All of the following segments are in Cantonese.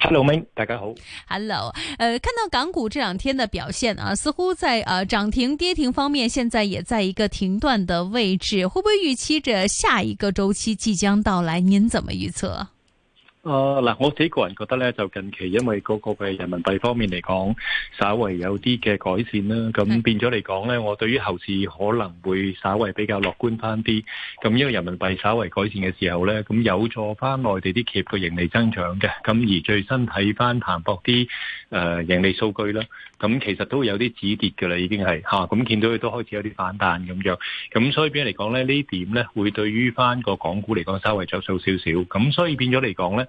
Hello，大家好。Hello，呃，看到港股這兩天的表現啊，似乎在呃漲停跌停方面，現在也在一個停斷的位置，會不會預期着下一個周期即將到來？您怎麼預測？啊嗱，我自己個人覺得咧，就近期因為嗰個嘅人民幣方面嚟講，稍為有啲嘅改善啦，咁變咗嚟講咧，我對於後市可能會稍為比較樂觀翻啲。咁因為人民幣稍為改善嘅時候咧，咁有助翻內地啲企業嘅盈利增長嘅。咁而最新睇翻彭博啲誒盈利數據啦，咁其實都有啲止跌㗎喇，已經係嚇。咁、啊、見到佢都開始有啲反彈咁樣，咁所，所以變咗嚟講咧，呢點咧會對於翻個港股嚟講，稍微著數少少。咁所以變咗嚟講咧。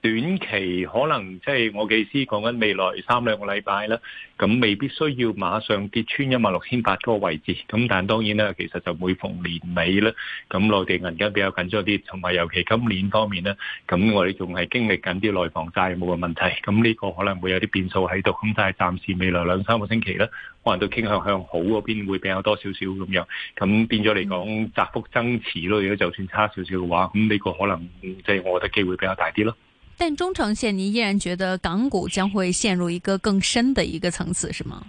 短期可能即係、就是、我嘅意思講緊未來三兩個禮拜啦，咁未必需要馬上跌穿一萬六千八嗰個位置。咁但係當然啦，其實就每逢年尾啦，咁內地銀根比較緊張啲，同埋尤其今年方面咧，咁我哋仲係經歷緊啲內房債務嘅問題。咁呢個可能會有啲變數喺度。咁但係暫時未來兩三個星期啦，可能都傾向向好嗰邊會比較多少少咁樣，咁變咗嚟講窄幅增持咯，如果就算差少少嘅話，咁呢個可能即係我覺得機會比較大啲咯。但中長線，您依然覺得港股將會陷入一個更深的一個層次，是嗎？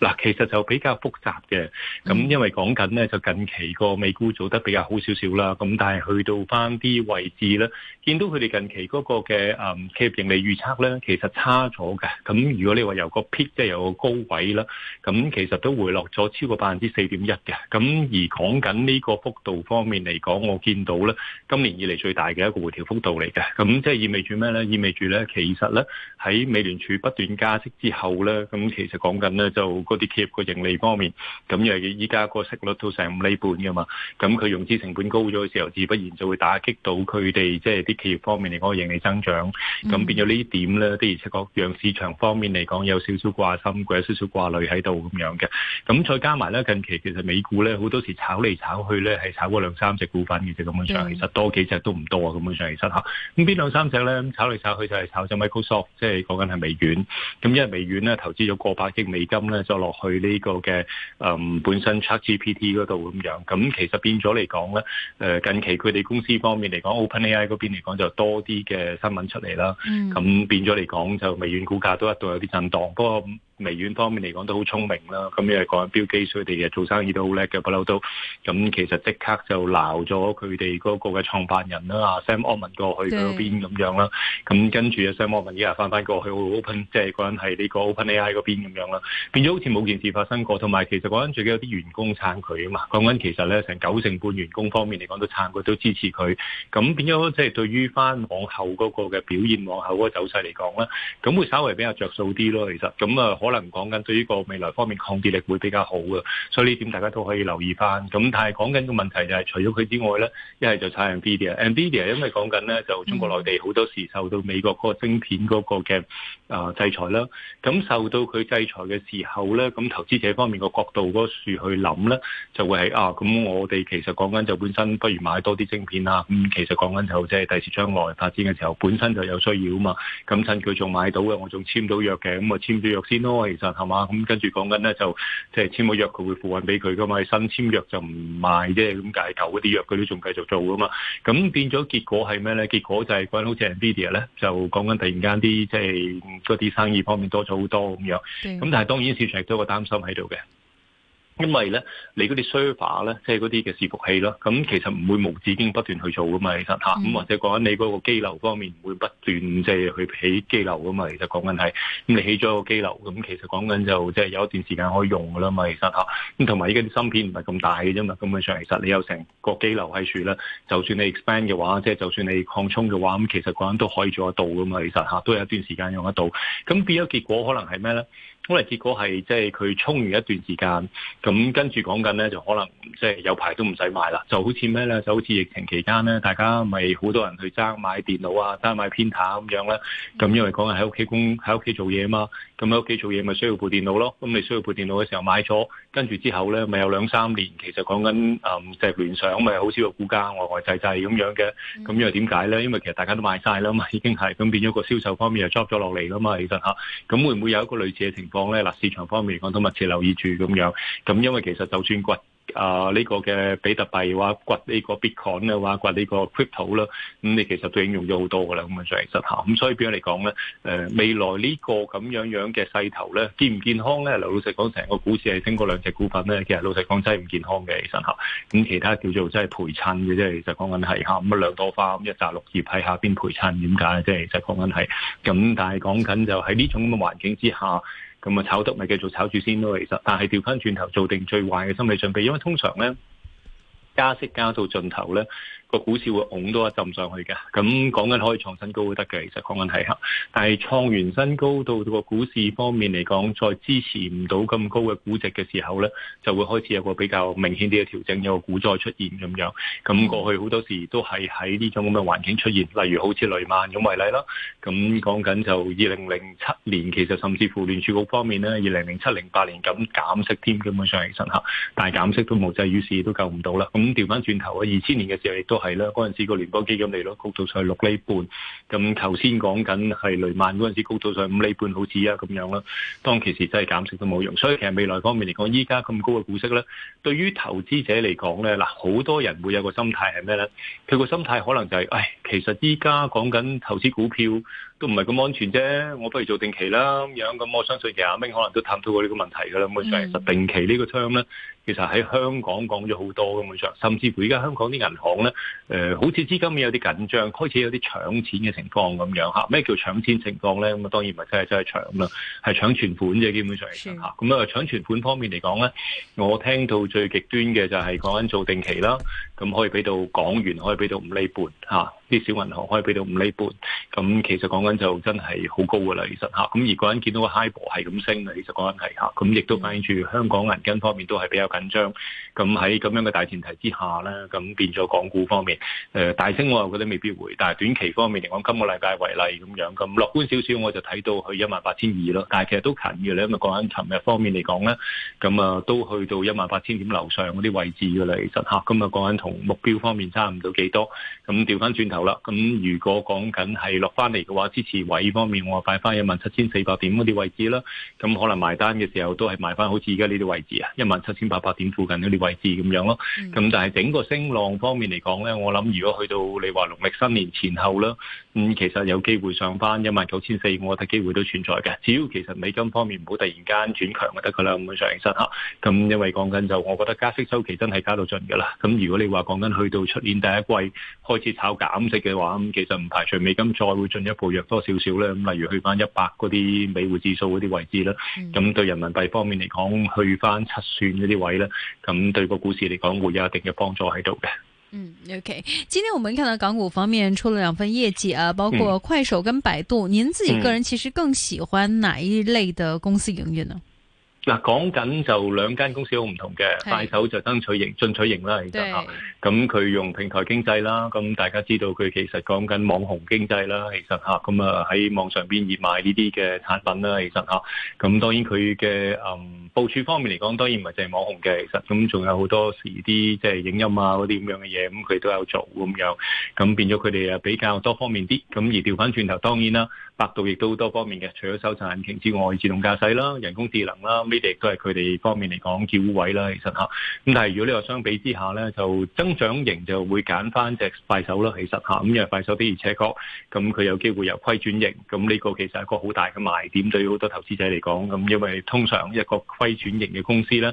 嗱，其實就比較複雜嘅，咁因為講緊咧就近期個美股做得比較好少少啦，咁但係去到翻啲位置咧，見到佢哋近期嗰個嘅誒、嗯、企業盈利預測咧，其實差咗嘅，咁如果你話有個 peak 即係有個高位啦，咁其實都回落咗超過百分之四點一嘅，咁而講緊呢個幅度方面嚟講，我見到咧今年以嚟最大嘅一個回調幅度嚟嘅，咁即係意味住咩呢？意味住呢，其實呢，喺美聯儲不斷加息之後呢，咁其實講緊呢就。嗰啲企業個盈利方面，咁又依家個息率到成五厘半㗎嘛，咁佢融資成本高咗嘅時候，自不然就會打擊到佢哋即係啲企業方面嚟講個盈利增長，咁變咗呢點咧，的而且確讓市場方面嚟講有少少掛心，佢有少少掛慮喺度咁樣嘅。咁再加埋咧，近期其實美股咧好多時炒嚟炒去咧係炒過兩三隻股份嘅啫，咁樣上，其實多幾隻都唔多啊，咁樣上其實吓，咁邊兩三隻咧炒嚟炒去就係炒隻 Microsoft，即係講緊係微軟。咁因為微軟咧投資咗過百億美金咧。落去呢個嘅誒、嗯、本身 ChatGPT 嗰度咁樣，咁其實變咗嚟講咧，誒近期佢哋公司方面嚟講，OpenAI 嗰邊嚟講就多啲嘅新聞出嚟啦，咁、mm. 變咗嚟講就微軟股價都一度有啲震盪，不過。微軟方面嚟講都好聰明啦，咁因為嗰個人標記，所以佢哋嘅做生意都好叻嘅，不嬲都咁。其實即刻就鬧咗佢哋嗰個嘅創辦人啦，啊，Sam Altman 過去嗰邊咁樣啦。咁跟住阿 Sam Altman 依家翻返過去 Open，即係嗰陣係呢個 OpenAI 嗰邊咁樣啦。變咗好似冇件事發生過。同埋其實嗰陣最近有啲員工撐佢啊嘛。講緊其實咧成九成半員工方面嚟講都撐佢，都支持佢。咁變咗即係對於翻往後嗰個嘅表現，往後嗰個走勢嚟講啦，咁會稍微比較着數啲咯。其實咁啊。可能唔講緊對於個未來方面抗跌力會比較好嘅，所以呢點大家都可以留意翻。咁但係講緊個問題就係，除咗佢之外咧，一係就產量啲啲嘅。Nvidia 因為講緊咧，就中國內地好多時受到美國嗰個晶片嗰個嘅啊制裁啦。咁受到佢制裁嘅時候咧，咁投資者方面個角度嗰樹去諗咧，就會係啊，咁我哋其實講緊就本身不如買多啲晶片啊。咁其實講緊就即係第時將來發展嘅時候，本身就有需要啊嘛。咁趁佢仲買到嘅，我仲簽到約嘅，咁啊簽咗約先咯。其實係嘛，咁 跟住講緊咧，就即係簽咗約，佢會付運俾佢噶嘛。新簽約就唔賣啫，咁解舊嗰啲約佢都仲繼續做噶嘛。咁變咗結果係咩咧？結果就係關於好似 NVIDIA 咧，就講緊突然間啲即係嗰啲生意方面多咗好多咁樣。咁但係當然市場亦都有個擔心喺度嘅。因為咧，你嗰啲 server 咧，即係嗰啲嘅伺服器咯，咁其實唔會無止境不斷去做噶嘛，其實吓，咁、嗯、或者講緊你嗰個機流方面唔會不斷即係去起機流噶嘛，其實講緊係，咁你起咗個機流，咁其實講緊就即係有一段時間可以用噶啦嘛，其實吓，咁同埋依家啲芯片唔係咁大嘅啫嘛，根本上其實你有成個機流喺處咧，就算你 expand 嘅話，即係就算你擴充嘅話，咁其實講緊都可以做得到噶嘛，其實吓，都有一段時間用得到。咁變咗結果可能係咩咧？咁嚟結果係，即係佢衝完一段時間，咁、嗯、跟住講緊咧，就可能即係有排都唔使買啦。就好似咩咧，就好似疫情期間咧，大家咪好多人去爭買電腦啊，爭買 printer 咁樣啦。咁、嗯、因為講係喺屋企工，喺屋企做嘢啊嘛。咁喺屋企做嘢咪需要部電腦咯，咁、嗯、你需要部電腦嘅時候買咗，跟住之後咧，咪有兩三年，其實講緊誒隻聯想咪好少個股價，外外滯滯咁樣嘅，咁因為點解咧？因為其實大家都買晒啦嘛，已經係咁，變咗個銷售方面又 drop 咗落嚟啦嘛，其實嚇，咁、啊、會唔會有一個類似嘅情況咧？嗱、啊，市場方面講都密切留意住咁樣，咁因為其實走專櫃。啊！呢、這個嘅比特幣話掘呢個 Bitcoin 嘅話掘呢個 Crypto 啦，咁你、嗯、其實都應用咗好多噶啦。咁啊、嗯，所以其實嚇，咁所以畀我嚟講咧？誒、呃，未來這個這呢個咁樣樣嘅勢頭咧，健唔健康咧？嗱，老實講，成個股市係升過兩隻股份咧，其實老實講真係唔健康嘅。其實吓，咁其他叫做真係陪襯嘅啫，就講緊係吓，咁啊兩朵花，咁一紮綠葉喺下邊陪襯，點解咧？即係就講緊係，咁但係講緊就喺呢種咁嘅環境之下。咁啊，炒得咪繼續炒住先咯。其實，但係調翻轉頭做定最壞嘅心理準備，因為通常咧加息加到盡頭咧，個股市會拱多一浸上去嘅，咁講緊可以創新高都得嘅，其實講緊係吓，但係創完新高到個股市方面嚟講，再支持唔到咁高嘅估值嘅時候呢，就會開始有個比較明顯啲嘅調整，有個股災出現咁樣。咁過去好多時都係喺呢種咁嘅環境出現，例如好似雷曼咁為例啦。咁講緊就二零零七年，其實甚至乎聯儲局方面呢，二零零七零八年咁減息添，根本上係成吓，但係減息都冇濟，於是都救唔到啦。咁調翻轉頭啊，二千年嘅時候亦都。係啦，嗰陣 時個聯邦基金嚟咯，高到上去六厘半。咁頭先講緊係雷曼嗰陣時高到上五厘半，好似啊咁樣啦。當其時真係減息都冇用，所以其實未來方面嚟講，依家咁高嘅股息咧，對於投資者嚟講咧，嗱，好多人會有個心態係咩咧？佢個心態可能就係、是，誒，其實依家講緊投資股票。都唔係咁安全啫，我不如做定期啦咁樣。咁我相信其實阿 b 可能都探討過呢個問題㗎啦。咁、嗯、其實定期呢個 term 咧，其實喺香港講咗好多咁，基本上，甚至乎而家香港啲銀行咧，誒、呃、好似資金面有啲緊張，開始有啲搶錢嘅情況咁樣嚇。咩叫搶錢情況咧？咁啊當然唔係真係真係搶啦，係搶存款啫。基本上嚟講咁啊，搶存款方面嚟講咧，我聽到最極端嘅就係講緊做定期啦，咁可以俾到港元，可以俾到五厘半嚇。啊啲小銀行可以俾到五厘半，咁其實講緊就真係好高噶啦，其實嚇。咁而嗰陣見到個 High 博係咁升啊，其實講緊係嚇。咁亦都反映住香港銀根方面都係比較緊張。咁喺咁樣嘅大前提之下咧，咁變咗港股方面，誒，大升我又覺得未必會。但係短期方面嚟講，今個禮拜為例咁樣，咁樂觀少少我就睇到去一萬八千二咯。但係其實都近嘅啦，因為講緊尋日方面嚟講咧，咁啊都去到一萬八千點樓上嗰啲位置噶啦，其實嚇。咁啊講緊同目標方面差唔到幾多，咁調翻轉頭。啦，咁如果講緊係落翻嚟嘅話，支持位方面，我擺翻一萬七千四百點嗰啲位置啦。咁可能埋單嘅時候都係埋翻好似而家呢啲位置啊，一萬七千八百點附近嗰啲位置咁樣咯。咁、嗯、但係整個升浪方面嚟講呢，我諗如果去到你話農曆新年前後啦，咁、嗯、其實有機會上翻一萬九千四，我睇機會都存在嘅。只要其實美金方面唔好突然間轉強就得㗎喇，咁樣上起身吓。咁因為講緊就，我覺得加息週期真係加到盡㗎喇。咁如果你話講緊去到出年第一季開始炒減息嘅話，咁其實唔排除美金再會進一步弱多少少咧。咁例如去翻一百嗰啲美匯指數嗰啲位置啦，咁對人民幣方面嚟講，去翻七算嗰啲位咧，咁對個股市嚟講會有一定嘅幫助喺度嘅。嗯，OK，今天我們看到港股方面出了兩份業績啊，包括快手跟百度。您自己個人其實更喜歡哪一類的公司營運呢？嗱，講緊就兩間公司好唔同嘅，快手是就爭取型、進取型啦，其實嚇，咁佢對、啊、用平台經濟啦，咁大家知道佢其實講緊網紅經濟啦，其實嚇，咁啊喺網上邊熱賣呢啲嘅產品啦，其實嚇，咁、啊、當然佢嘅嗯部署方面嚟講，當然唔係淨係網紅嘅，其實咁仲、嗯、有好多時啲即係影音啊嗰啲咁樣嘅嘢，咁佢都有做咁樣，咁變咗佢哋啊比較多方面啲，咁而調翻轉頭，當然啦。百度亦都好多方面嘅，除咗搜尋引擎之外，自動駕駛啦、人工智能啦，呢啲亦都係佢哋方面嚟講叫位啦，其實嚇。咁但係如果呢個相比之下咧，就增長型就會揀翻隻快手啦，其實嚇。咁因為快手比而且確，咁佢有機會由虧轉盈。咁呢個其實係一個好大嘅賣點對好多投資者嚟講。咁因為通常一個虧轉盈嘅公司咧。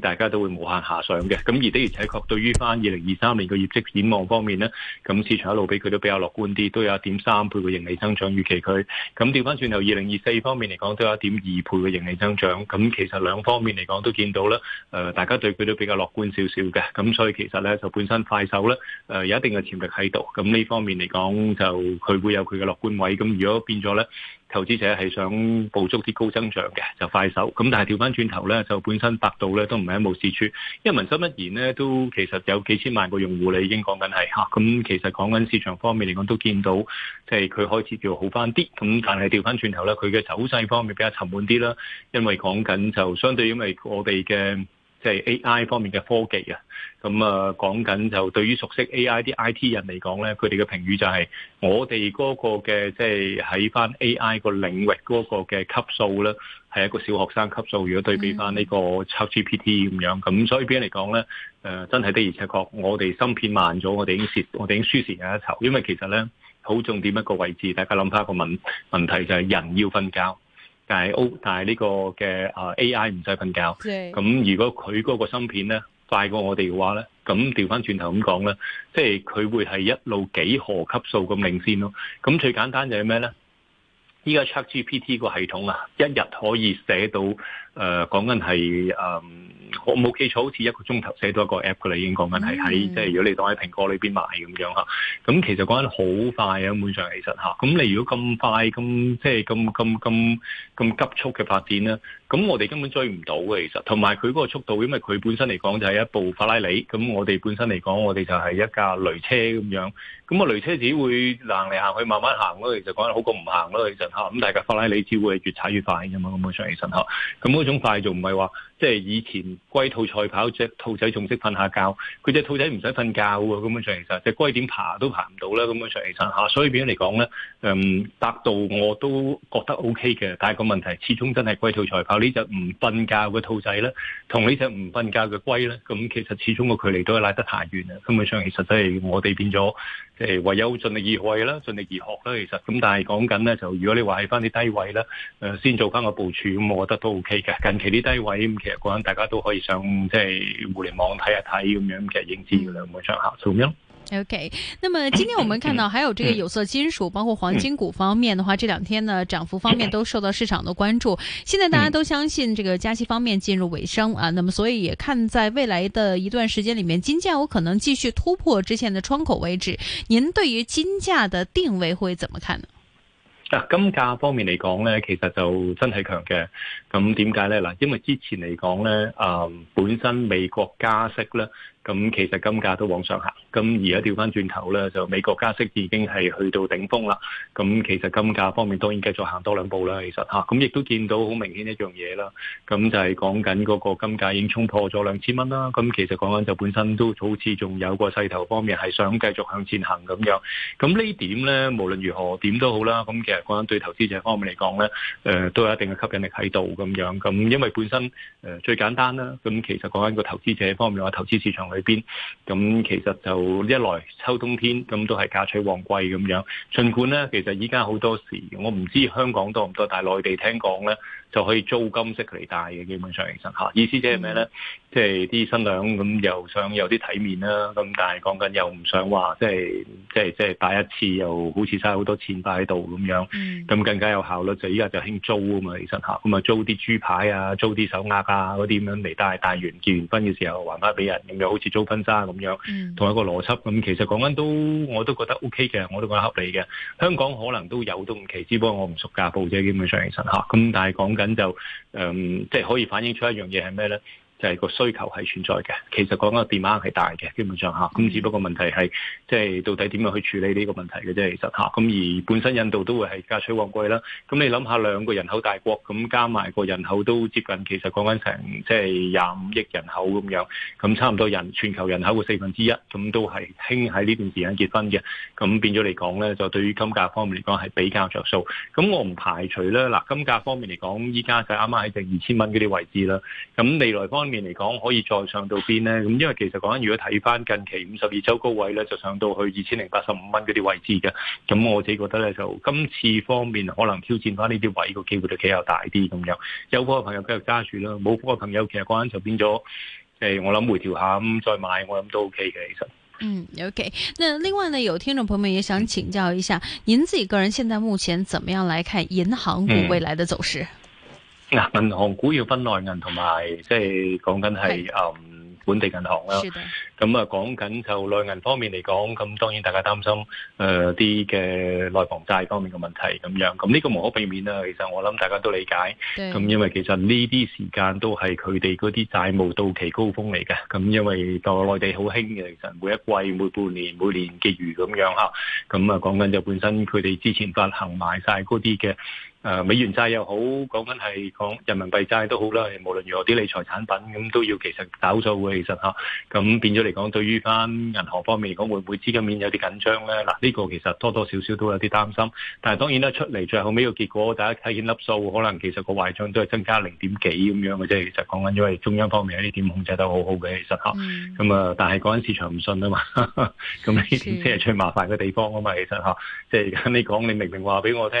大家都會無限遐想嘅，咁而的而且確對於翻二零二三年個業績展望方面呢，咁市場一路比佢都比較樂觀啲，都有一點三倍嘅盈利增長預期佢，咁調翻轉頭二零二四方面嚟講，都有一點二倍嘅盈利增長，咁其實兩方面嚟講都見到咧，誒大家對佢都比較樂觀少少嘅，咁所以其實呢，就本身快手呢，誒有一定嘅潛力喺度，咁呢方面嚟講就佢會有佢嘅樂觀位，咁如果變咗呢。投資者係想捕捉啲高增長嘅，就快手。咁但係調翻轉頭咧，就本身百度咧都唔係一無是處，因為文心一言咧都其實有幾千萬個用戶，你已經講緊係嚇。咁、啊、其實講緊市場方面嚟講，都見到即係佢開始叫好翻啲。咁但係調翻轉頭咧，佢嘅走勢方面比較沉悶啲啦，因為講緊就相對因為我哋嘅。即係 A.I. 方面嘅科技啊，咁啊講緊就對於熟悉 A.I. 啲 I.T. 人嚟講咧，佢哋嘅評語就係我哋嗰個嘅即係喺翻 A.I. 個領域嗰個嘅級數咧，係一個小學生級數。如果對比翻呢個 ChatGPT 咁樣，咁、嗯嗯、所以邊人嚟講咧？誒、呃，真係的而且確，我哋芯片慢咗，我哋已經蝕，我哋已經輸蝕有一籌。因為其實咧，好重點一個位置，大家諗翻一個問問題就係人要瞓覺。但係 O，但係呢個嘅啊 AI 唔使瞓覺，咁 Yes.、嗯、如果佢嗰個芯片呢快過我哋嘅話呢，咁調翻轉頭咁講啦，即係佢會係一路幾何級數咁領先咯。咁、嗯、最簡單就係咩呢？依家 ChatGPT 個系統啊，一日可以寫到。誒講緊係誒，我冇記錯，好似一個鐘頭寫到一個 app 嚟，已經講緊係喺即係如果你當喺蘋果裏邊買咁樣嚇。咁其實講緊好快啊，換上起身嚇。咁你如果咁快咁即係咁咁咁咁急促嘅發展咧，咁我哋根本追唔到嘅。其實同埋佢嗰個速度，因為佢本身嚟講就係一部法拉利，咁我哋本身嚟講，我哋就係一架雷車咁樣。咁啊雷車只會行嚟行去，慢慢行咯，其實講緊好過唔行咯，其實嚇。咁但係法拉利只會越踩越快㗎嘛，咁樣上起身嚇。咁好。種快就唔係話，即係以前龜兔賽跑隻兔仔仲識瞓下覺，佢隻兔仔唔使瞓覺噶，咁樣上其實隻龜點爬都爬唔到啦，咁樣上其實吓，所以變咗嚟講咧，嗯，達到我都覺得 O K 嘅，但係個問題始終真係龜兔賽跑隻兔呢隻唔瞓覺嘅兔仔咧，同呢隻唔瞓覺嘅龜咧，咁其實始終個距離都係拉得太遠啦，咁樣上其實際係我哋變咗。即唯有盡力而為啦，盡力而學啦。其實咁，但係講緊咧，就如果你話喺翻啲低位啦，誒、呃、先做翻個部署咁，我覺得都 OK 嘅。近期啲低位咁，其實講大家都可以上即係互聯網睇一睇咁樣，其實認知兩個場合，咁樣。OK，那麼今天我們看到還有這個有色金屬，嗯、包括黃金股方面的話，嗯、這兩天呢漲幅方面都受到市場的關注。嗯、現在大家都相信這個加息方面進入尾聲啊，那麼所以也看在未來的一段時間裏面，金價有可能繼續突破之前的窗口位置。您對於金價的定位會怎麼看呢？嗱、啊，金價方面嚟講呢，其實就真係強嘅。咁點解呢？嗱，因為之前嚟講呢，誒、呃、本身美國加息呢。咁其實金價都往上行，咁而家調翻轉頭咧，就美國加息已經係去到頂峰啦。咁其實金價方面當然繼續行多兩步啦，其實嚇，咁、啊、亦都見到好明顯一樣嘢啦。咁就係講緊嗰個金價已經衝破咗兩千蚊啦。咁其實講緊就本身都好似仲有個勢頭方面係想繼續向前行咁樣。咁呢點咧，無論如何點都好啦。咁其實講緊對投資者方面嚟講咧，誒、呃、都有一定嘅吸引力喺度咁樣。咁因為本身誒、呃、最簡單啦。咁其實講緊個投資者方面話，投資市場邊咁其實就一來秋冬天咁都係嫁娶旺季咁樣，盡管咧其實依家好多時我唔知香港多唔多，但係內地聽講咧。就可以租金式嚟帶嘅，基本上其實嚇，意思、就是嗯、即係咩咧？即係啲新娘咁又想有啲體面啦，咁但係講緊又唔想話即係即係即係帶一次，又好似嘥好多錢擺喺度咁樣。嗯，咁更加有效率就依家就興租啊嘛、嗯，其實嚇，咁啊租啲豬牌啊，租啲手鈪啊嗰啲咁樣嚟帶，帶完結完婚嘅時候還翻俾人，咁又好似租婚紗咁樣，同一個邏輯咁，其實講緊都我都覺得 OK 嘅，我都覺得合理嘅。香港可能都有都唔奇，只不過我唔熟㗎，報啫。基本上其實嚇，咁但係講。咁就誒，即係可以反映出一樣嘢係咩咧？就係個需求係存在嘅，其實講緊電話係大嘅，基本上吓，咁只不過問題係即係到底點樣去處理呢個問題嘅啫，其實吓，咁而本身印度都會係嫁娶旺季啦，咁你諗下兩個人口大國咁加埋個人口都接近，其實講緊成即係廿五億人口咁樣，咁差唔多人全球人口嘅四分之一，咁都係興喺呢段時間結婚嘅，咁變咗嚟講咧，就對於金價方面嚟講係比較着數，咁我唔排除咧，嗱金價方面嚟講，依家就啱啱喺定二千蚊嗰啲位置啦，咁未來方面嚟講可以再上到邊咧？咁因為其實講緊，如果睇翻近期五十二周高位咧，就上到去二千零八十五蚊嗰啲位置嘅。咁我自己覺得咧，就今次方面可能挑戰翻呢啲位個機會都比較大啲咁樣。有股嘅朋友繼續揸住啦，冇股嘅朋友其實講緊就變咗，即我諗回調下咁再買，我諗都 OK 嘅。其實嗯，OK。那另外呢，有聽眾朋友也想請教一下，您自己個人現在目前怎麼樣來看銀行股未來的走勢？嗯嗱，銀行股要分內銀同埋，即係講緊係誒本地銀行啦。咁啊的，講緊、嗯、就內銀方面嚟講，咁當然大家擔心誒啲嘅內房債方面嘅問題咁樣。咁呢個無可避免啦。其實我諗大家都理解。咁的因為其實呢啲時間都係佢哋嗰啲債務到期高峰嚟嘅。咁因為在內地好興嘅，其實每一季、每半年、每年結餘咁樣吓。咁啊，講、嗯、緊就本身佢哋之前發行賣晒嗰啲嘅。誒、呃，美元債又好，講緊係講人民幣債都好啦。無論如何啲理財產品，咁都要其實找數嘅，其實吓。咁、啊、變咗嚟講，對於翻銀行方面嚟講，會唔會資金面有啲緊張咧？嗱、啊，呢、這個其實多多少少都有啲擔心。但係當然啦，出嚟最後尾個結果，大家睇見粒數，可能其實個壞賬都係增加零點幾咁樣嘅啫。其實講緊因為中央方面呢點控制得好好嘅，其實吓。咁啊，嗯、但係講緊市場唔信啊嘛。咁呢點先係最麻煩嘅地方啊嘛。其實吓，即係而家你講，你明明話俾我聽。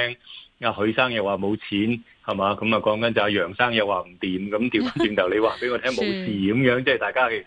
阿許生又話冇錢，係嘛？咁啊講緊就阿楊生又話唔掂，咁調翻轉頭你話俾我聽冇事，咁樣 即係大家其實。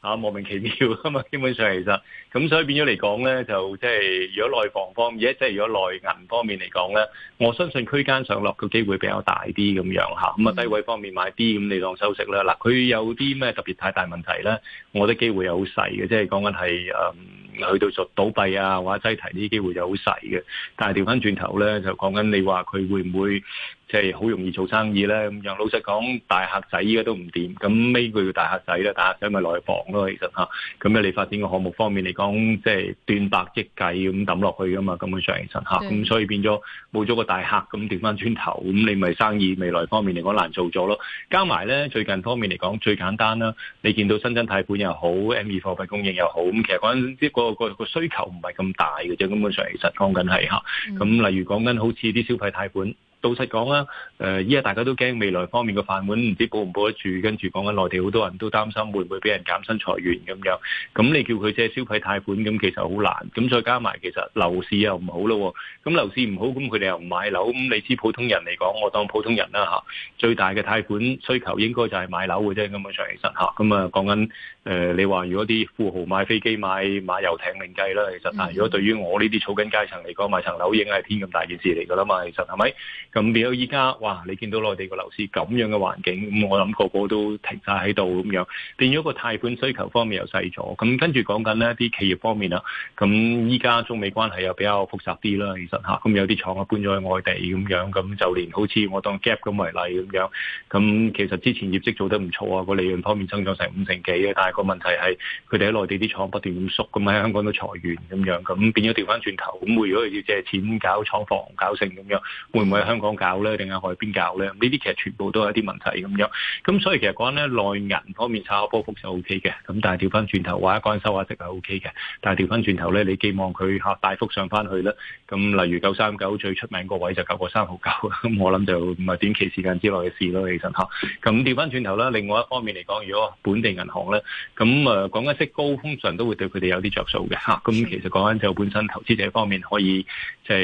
啊，莫名其妙噶嘛，基本上其實咁，所以變咗嚟講咧，就即係如果內房方面，即係如果內銀方面嚟講咧，我相信區間上落嘅機會比較大啲咁樣嚇，咁啊低位方面買啲咁嚟當收息啦。嗱，佢有啲咩特別太大問題咧，我覺得機會又好細嘅，即係講緊係誒去到做倒閉啊或者擠提呢啲機會就好細嘅。但係調翻轉頭咧，就講緊你話佢會唔會？即係好容易做生意咧。咁、嗯，又老實講，大客仔依家都唔掂。咁呢個叫大客仔啦，大客仔咪內房咯。其實嚇，咁、嗯、咧你發展個項目方面嚟講，即係斷百即計咁抌落去噶嘛。根本上其實嚇，咁、嗯、對所以變咗冇咗個大客，咁掉翻轉頭，咁你咪生意未來方面嚟講難做咗咯。加埋咧，最近方面嚟講最簡單啦，你見到新增貸款又好，M2 貨幣供應又好，咁、嗯、其實講、個、啲個、個個、個個個個需求唔係咁大嘅啫。根本上其實講緊係嚇，咁、嗯、例、嗯、如講緊好似啲消費貸款。老實講啊，誒依家大家都驚未來方面嘅飯碗唔知保唔保得住，跟住講緊內地好多人都擔心會唔會俾人減薪裁員咁樣，咁你叫佢借消費貸款咁其實好難，咁再加埋其實樓市又唔好咯，咁樓市唔好咁佢哋又唔買樓，咁你知普通人嚟講，我當普通人啦嚇，最大嘅貸款需求應該就係買樓嘅啫，咁樣上其實嚇，咁啊講緊誒你話如果啲富豪買飛機買買遊艇另計啦，其實但係如果對於我呢啲草根階層嚟講，買層樓已經係天咁大件事嚟㗎啦嘛，其實係咪？是咁變咗依家，哇！你見到內地個樓市咁樣嘅環境，咁我諗個個都停晒喺度咁樣，變咗個貸款需求方面又細咗。咁跟住講緊呢啲企業方面啦，咁依家中美關係又比較複雜啲啦，其實吓，咁有啲廠啊搬咗去外地咁樣，咁就連好似我當 gap 咁為例咁樣，咁其實之前業績做得唔錯啊，個利潤方面增長成五成幾嘅，但係個問題係佢哋喺內地啲廠不斷咁縮，咁喺香港都裁員咁樣，咁變咗調翻轉頭，咁如果要借錢搞廠房搞成咁樣，會唔會喺香 t 講搞咧，定係海邊搞咧？呢啲其實全部都係一啲問題咁樣。咁所以其實講咧，內銀方面炒波幅就 O K 嘅。咁但係調翻轉頭話，講收下息係 O K 嘅。但係調翻轉頭咧，你寄望佢吓大幅上翻去咧？咁例如九三九最出名個位就九個三毫九，咁我諗就唔係短期時間之內嘅事咯。其實吓咁調翻轉頭啦，另外一方面嚟講，如果本地銀行咧，咁誒講緊息高通常都會對佢哋有啲着數嘅吓。咁其實講緊就本身投資者方面可以就係、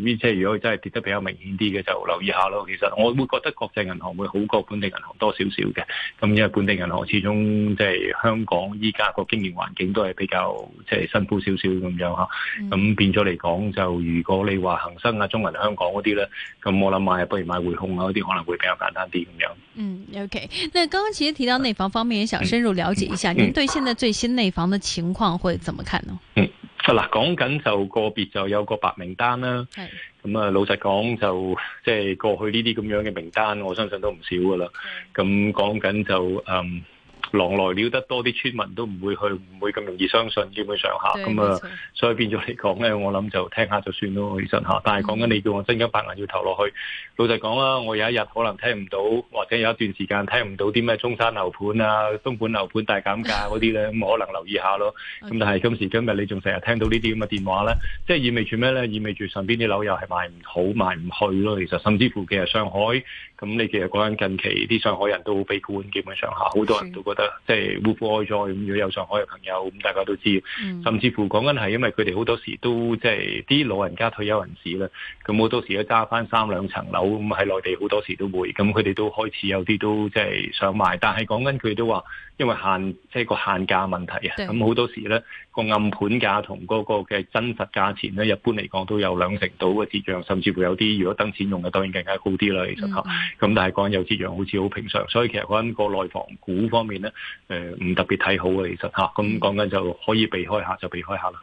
是、即係如果真係跌得比較明顯啲嘅。就留意下咯。其實我會覺得國際銀行會好過本地銀行多少少嘅。咁因為本地銀行始終即係香港依家個經營環境都係比較即係辛苦少少咁樣吓。咁變咗嚟講，就如果你話恒生啊、中銀香港嗰啲咧，咁、啊、我諗買不如買匯控啊嗰啲可能會比較簡單啲咁樣。嗯，OK。那剛剛其實提到內房方面，也想深入了解一下，嗯、您對現在最新內房的情況會怎麼看呢？嗯，嗱、嗯，講、嗯嗯嗯嗯、緊就個別就有個白名單啦、啊。係。咁啊，老實講就即係、就是、過去呢啲咁樣嘅名單，我相信都唔少噶啦。咁講緊就嗯。狼來了得多啲，村民都唔會去，唔會咁容易相信，基本上下咁啊，對嗯、所以變咗嚟講咧，我諗就聽下就算咯，其實嚇。但係講緊你叫我真金白銀要投落去，老實講啦，我有一日可能聽唔到，或者有一段時間聽唔到啲咩中山樓盤啊、東莞樓盤大減價嗰啲咧，咁 我可能留意下咯。咁但係今時今日你仲成日聽到呢啲咁嘅電話咧，即係意味住咩咧？意味住上邊啲樓又係賣唔好、賣唔去咯，其實甚至乎其實上海，咁、嗯、你其實講緊近期啲上海人都好悲觀，基本上下好多人都覺得。即係互愛在互愛咗，咁如果有上海嘅朋友，咁大家都知。嗯、甚至乎講緊係因為佢哋好多時都即係啲老人家退休人士啦，咁好多時都揸翻三兩層樓，咁喺內地好多時都會，咁佢哋都開始有啲都即係想賣，但係講緊佢哋都話，因為限即係個限價問題啊，咁好對多時呢。個暗盤價同嗰個嘅真實價錢咧，一般嚟講都有兩成到嘅折讓，甚至乎有啲如果等錢用嘅當然更加高，mm hmm. 好啲啦。其實嚇，咁但係講有折讓好似好平常，所以其實講緊個內房股方面咧，誒、呃、唔特別睇好啊。其實嚇，咁講緊就可以避開下就避開下啦。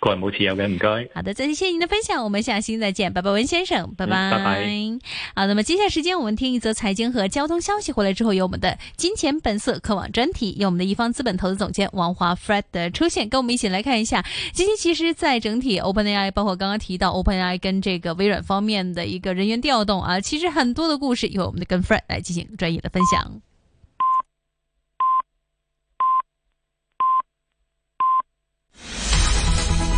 各位，冇持有嘅，唔該。好的，再次謝謝您的分享，我們下期再見，拜拜，文先生，拜拜。嗯、拜拜。好，那麼接下來時間，我們聽一則財經和交通消息，回來之後，有我們的金錢本色科網專題，由我們的一方資本投資總監王華 Fred 的出現，跟我們一起來看一下，今天其實，在整體 Open AI，包括剛剛提到 Open AI 跟這個微軟方面的一個人員調動啊，其實很多的故事，由我們的跟 Fred 來進行專業的分享。